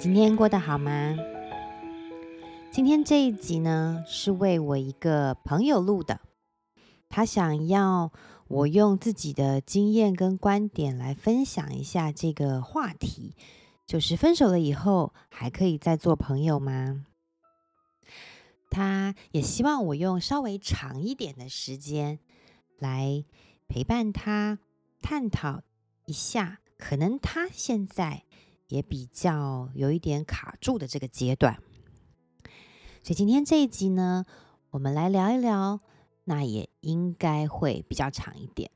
今天過得好嗎？今天這一集呢，是為我一個朋友錄的。他想要我用自己的經驗跟觀點來分享一下這個話題，就是分手了以後還可以再做朋友嗎？他也希望我用稍微長一點的時間來陪伴他，探討一下，可能他現在，也比較有一點卡住的這個階段，所以今天這一集呢，我們來聊一聊，那也應該會比較長一點。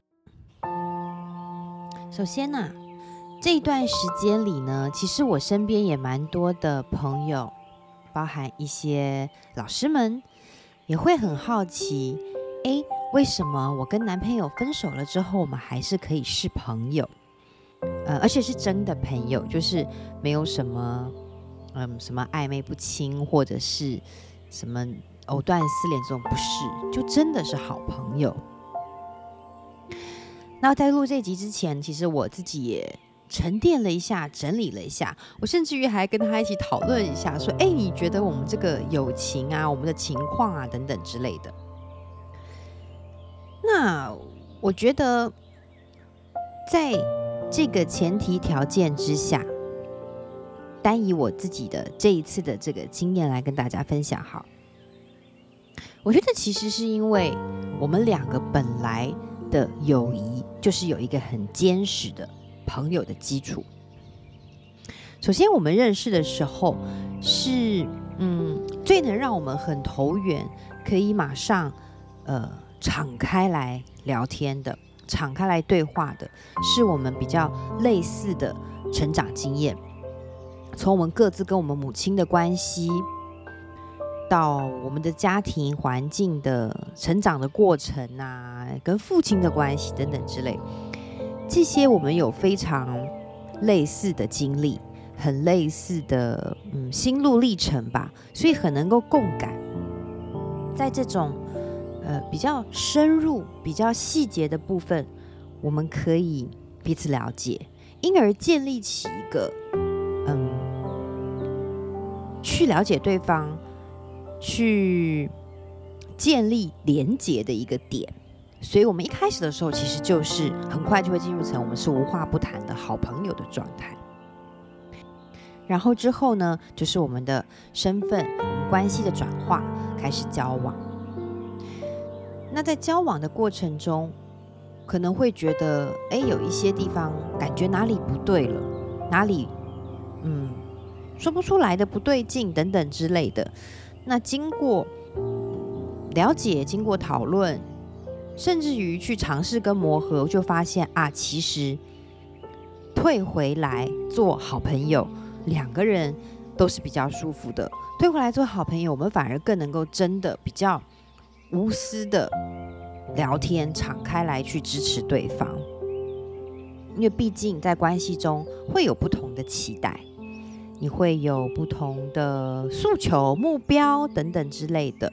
首先呢，這一段時間裡呢，其實我身邊也蠻多的朋友，包含一些老師們，也會很好奇，哎，為什麼我跟男朋友分手了之後，我們還是可以是朋友？呃、嗯，而且是真的朋友，就是沒有什麼，嗯，什麼曖昧不清或者是什麼藕斷絲連這種不是，就真的是好朋友。那在錄這集之前，其實我自己也沉澱了一下，整理了一下，我甚至於還跟他一起討論一下，說，哎、欸，你覺得我們這個友情啊，我們的情況啊，等等之類的。那我覺得，在。這個前提條件之下，單以我自己的這一次的這個經驗來跟大家分享，好，我覺得其實是因為我們兩個本來的友誼就是有一個很堅實的朋友的基礎。首先，我們認識的時候是嗯，最能讓我們很投緣，可以馬上呃，敞開來聊天的。敞開來對話的是我們比較類似的成長經驗，從我們各自跟我們母親的關係，到我們的家庭環境的成長的過程啊，跟父親的關係等等之類，這些我們有非常類似的經歷，很類似的嗯，心路歷程吧，所以很能夠共感，在這種。呃，比較深入、比較細節的部分，我們可以彼此了解，因而建立起一個嗯，去了解對方、去建立連接的一個點。所以，我們一開始的時候，其實就是很快就會進入成我們是無話不談的好朋友的狀態。然後之後呢，就是我們的身份、關係的轉化，開始交往。那在交往的過程中，可能會覺得，哎、欸，有一些地方感覺哪裡不對了，哪裡，嗯，說不出來的不對勁等等之類的。那經過了解、經過討論，甚至於去嘗試跟磨合，就發現啊，其實退回來做好朋友，兩個人都是比較舒服的。退回來做好朋友，我們反而更能夠真的比較。無私的聊天，敞開來去支持對方，因為畢竟在關係中會有不同的期待，你會有不同的訴求、目標等等之類的，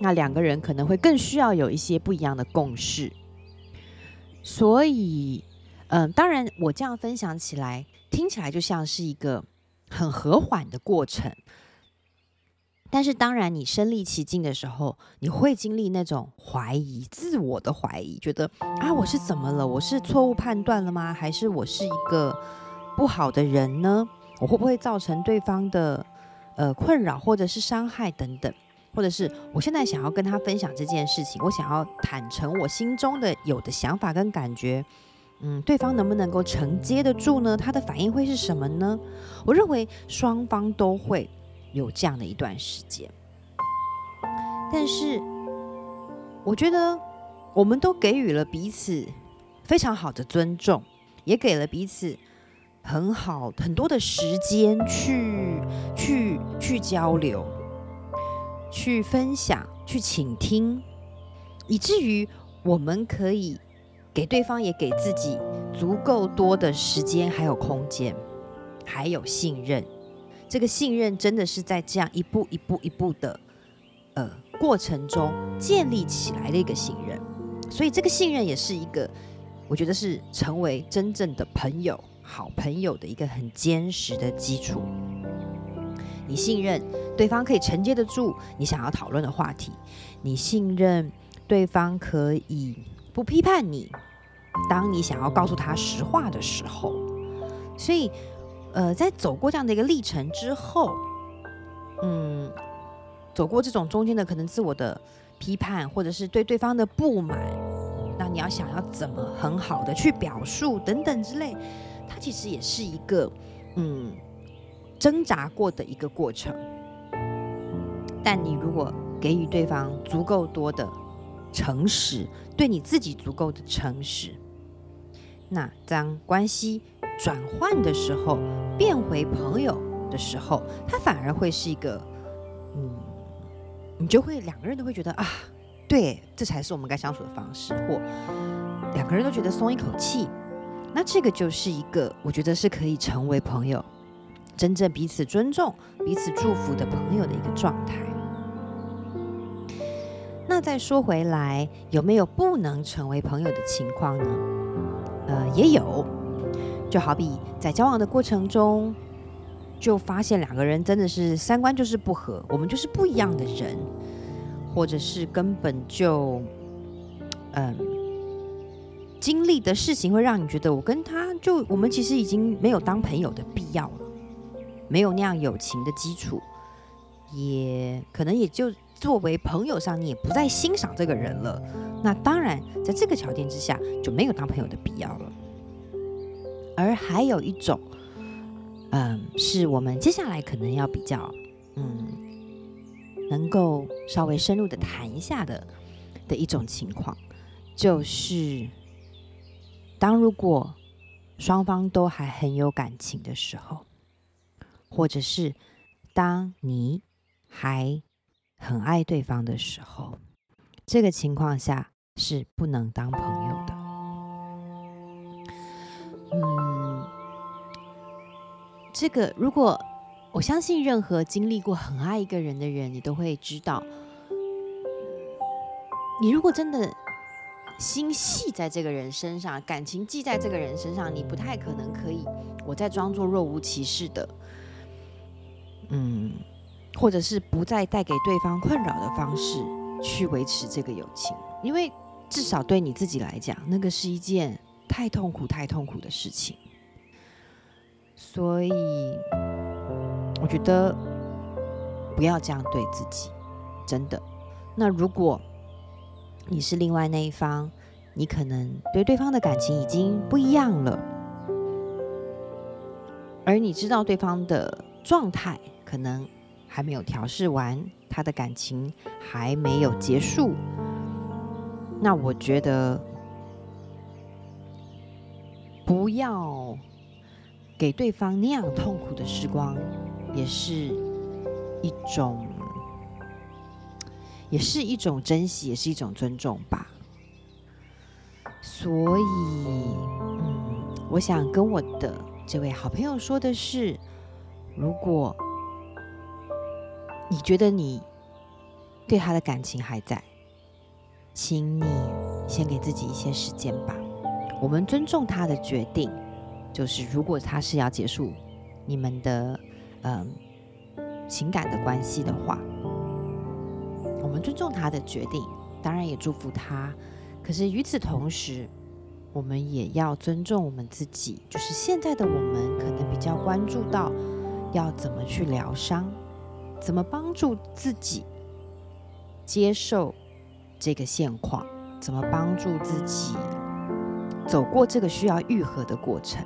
那兩個人可能會更需要有一些不一樣的共識。所以，嗯，當然我這樣分享起來，聽起來就像是一個很和緩的過程。但是當然，你身歷其境的時候，你會經歷那種懷疑、自我的懷疑，覺得啊，我是怎麼了？我是錯誤判斷了嗎？還是我是一個不好的人呢？我會不會造成對方的呃困擾或者是傷害等等？或者是我現在想要跟他分享這件事情，我想要坦誠我心中的有的想法跟感覺，嗯，對方能不能夠承接得住呢？他的反應會是什麼呢？我認為雙方都會。有這樣的一段時間，但是我覺得我們都給予了彼此非常好的尊重，也給了彼此很好，很多的時間去去去交流、去分享、去傾聽，以至於我們可以給對方也給自己足夠多的時間、還有空間、還有信任。這個信任真的是在這樣一步一步一步的，呃，過程中建立起來的一個信任，所以這個信任也是一個，我覺得是成為真正的朋友、好朋友的一個很堅實的基礎。你信任對方可以承接得住你想要討論的話題，你信任對方可以不批判你，當你想要告訴他實話的時候，所以。呃，在走過這樣的一個歷程之後，嗯，走過這種中間的可能自我的批判，或者是對對方的不滿，那你要想要怎麼很好的去表述等等之類，它其實也是一個嗯掙扎過的一個過程，嗯，但你如果給予對方足夠多的誠實，對你自己足夠的誠實，那將關係。轉換的時候，變回朋友的時候，他反而會是一個，嗯，你就會兩個人都會覺得啊，對，這才是我們該相處的方式，或兩個人都覺得鬆一口氣，那這個就是一個我覺得是可以成為朋友，真正彼此尊重、彼此祝福的朋友的一個狀態。那再說回來，有沒有不能成為朋友的情況呢？呃，也有。就好比在交往的過程中，就發現兩個人真的是三觀就是不合，我們就是不一樣的人，或者是根本就，嗯，經歷的事情會讓你覺得我跟他就我們其實已經沒有當朋友的必要了，沒有那樣友情的基礎，也可能也就作為朋友上，你也不再欣賞這個人了。那當然，在這個條件之下，就沒有當朋友的必要了。而還有一種，嗯，是我們接下來可能要比較，嗯，能夠稍微深入的談一下的的一種情況，就是當如果雙方都還很有感情的時候，或者是當你還很愛對方的時候，這個情況下是不能當朋友的。嗯，這個如果我相信，任何經歷過很愛一個人的人，你都會知道，你如果真的心繫在這個人身上，感情繫在這個人身上，你不太可能可以，我再裝作若無其事的，嗯，或者是不再帶給對方困擾的方式去維持這個友情，因為至少對你自己來講，那個是一件。太痛苦，太痛苦的事情，所以我覺得不要這樣對自己，真的。那如果你是另外那一方，你可能對對方的感情已經不一樣了，而你知道對方的狀態可能還沒有調適完，他的感情還沒有結束，那我覺得。不要給對方那樣痛苦的時光，也是一種，也是一種珍惜，也是一種尊重吧。所以，嗯，我想跟我的這位好朋友說的是：如果你覺得你對他的感情還在，請你先給自己一些時間吧。我們尊重他的決定，就是如果他是要結束你們的嗯、呃、情感的關係的話，我們尊重他的決定，當然也祝福他。可是與此同時，我們也要尊重我們自己，就是現在的我們可能比較關注到要怎麼去療傷，怎麼幫助自己接受這個現況，怎麼幫助自己。走過這個需要癒合的過程，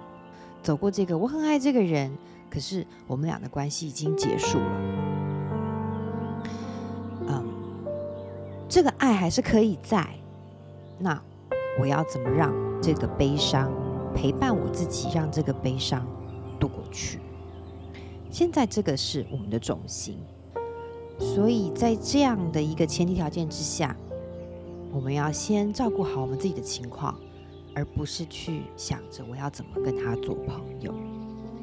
走過這個我很愛這個人，可是我們倆的關係已經結束了。嗯，這個愛還是可以在。那我要怎麼讓這個悲傷陪伴我自己，讓這個悲傷度過去？現在這個是我們的重心，所以在這樣的一個前提條件之下，我們要先照顧好我們自己的情況。而不是去想着我要怎麼跟他做朋友，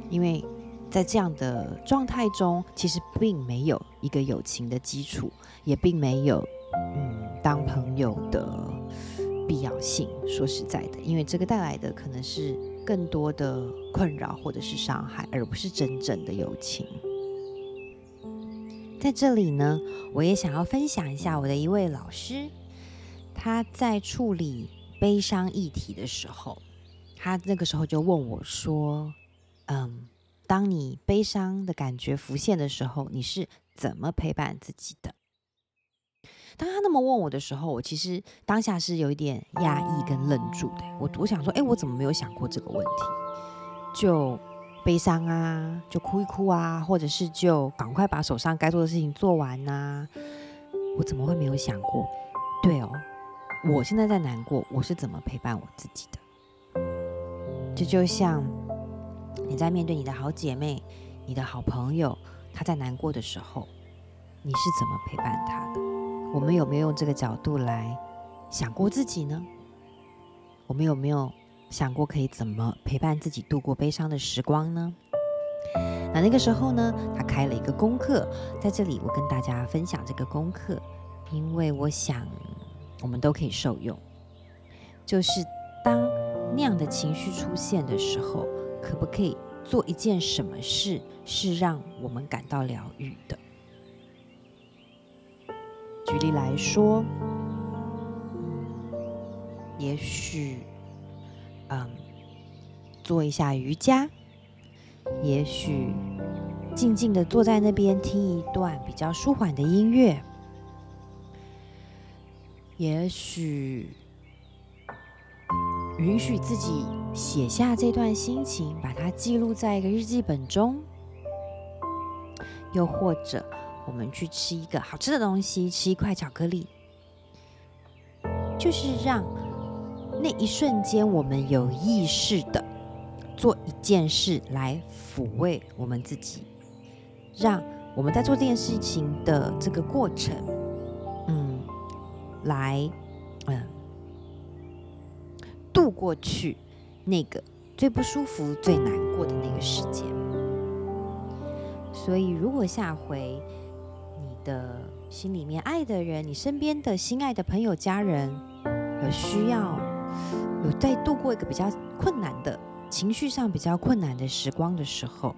因為在這樣的狀態中，其實並沒有一個友情的基礎，也並沒有嗯，當朋友的必要性。說實在的，因為這個帶來的可能是更多的困擾或者是傷害，而不是真正的友情。在這裡呢，我也想要分享一下我的一位老師，他在處理。悲傷議題的時候，他那個時候就問我說：“嗯，當你悲傷的感覺浮現的時候，你是怎麼陪伴自己的？”當他那麼問我的時候，我其實當下是有一點壓抑跟愣住的、欸。我我想說：“哎、欸，我怎麼沒有想過這個問題？就悲傷啊，就哭一哭啊，或者是就趕快把手上該做的事情做完啊？我怎麼會沒有想過？對哦。”我現在在難過，我是怎麼陪伴我自己的？這就，就像你在面對你的好姐妹、你的好朋友，她在難過的時候，你是怎麼陪伴她的？我們有沒有用這個角度來想過自己呢？我們有沒有想過可以怎麼陪伴自己度過悲傷的時光呢？那那個時候呢，他開了一個功課，在這裡我跟大家分享這個功課，因為我想。我們都可以受用，就是當那樣的情緒出現的時候，可不可以做一件什麼事是讓我們感到療癒的？舉例來說，也許，嗯，做一下瑜伽，也許靜靜的坐在那邊聽一段比較舒緩的音樂。也許允許自己寫下這段心情，把它記錄在一個日記本中；又或者，我們去吃一個好吃的東西，吃一塊巧克力，就是讓那一瞬間我們有意識的做一件事來撫慰我們自己，讓我們在做這件事情的這個過程。來，嗯，度過去那個最不舒服、最難過的那個時間。所以，如果下回你的心裡面愛的人、你身邊的心愛的朋友、家人有需要，有在度過一個比較困難的情緒上比較困難的時光的時候，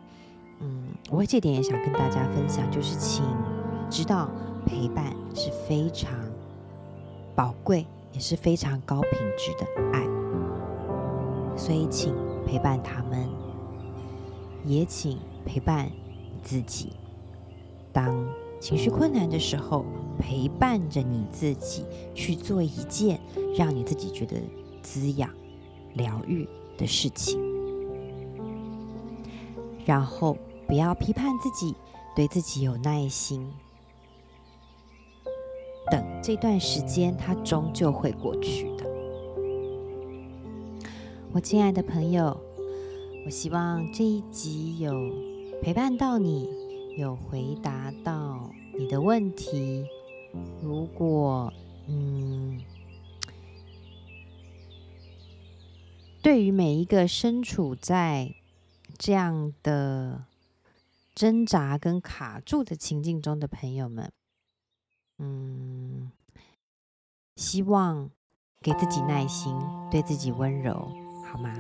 嗯，我這點也想跟大家分享，就是請知道陪伴是非常。寶貴也是非常高品質的愛，所以請陪伴他們，也請陪伴你自己。當情緒困難的時候，陪伴着你自己去做一件讓你自己覺得滋養、療癒的事情，然後不要批判自己，對自己有耐心。等這段時間，它終究會過去的。我親愛的朋友，我希望這一集有陪伴到你，有回答到你的問題。如果嗯，對於每一個身處在這樣的掙扎跟卡住的情境中的朋友們，嗯，希望給自己耐心，對自己溫柔，好嗎？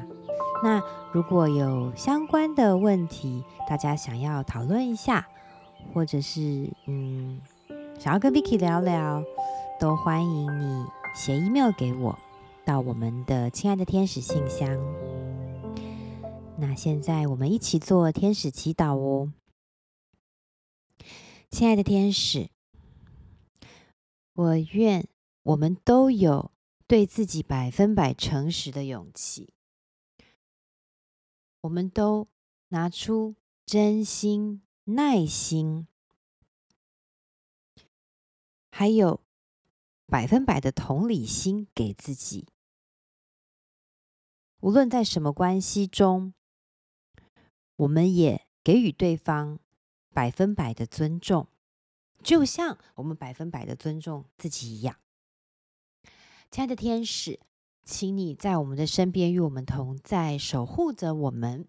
那如果有相關的問題，大家想要討論一下，或者是嗯，想要跟 Vicky 聊聊，都歡迎你寫 email 給我，到我們的親愛的天使信箱。那現在我們一起做天使祈禱哦，親愛的天使。我願我們都有對自己百分百誠實的勇氣，我們都拿出真心、耐心，還有百分百的同理心給自己。無論在什麼關係中，我們也給予對方百分百的尊重。就像我們百分百的尊重自己一樣，親愛的天使，請你在我們的身邊與我們同在，守護着我們，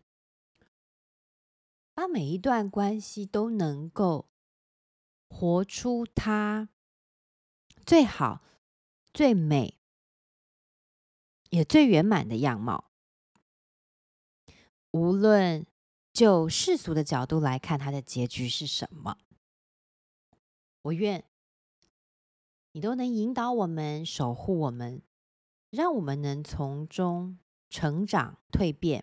把每一段關係都能夠活出它最好、最美也最圓滿的樣貌。無論就世俗的角度來看，它的結局是什麼。我願你都能引導我們、守護我們，讓我們能從中成長蛻變，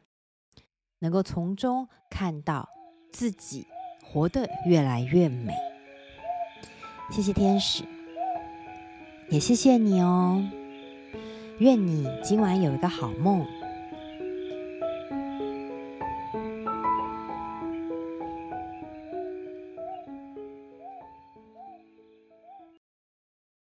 能夠從中看到自己活得越來越美。謝謝天使，也謝謝你哦。願你今晚有一個好夢。